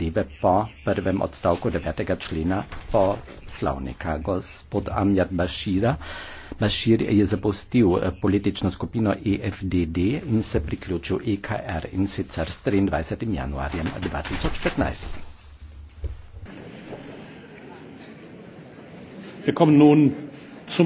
Dive po prvem odstavku 9. člena poslovnika. Gospod Amjad Bashira. Bashir je zapustil eh, politično skupino EFDD in se priključil EKR in sicer s 23. januarjem 2015. Wir kommen nun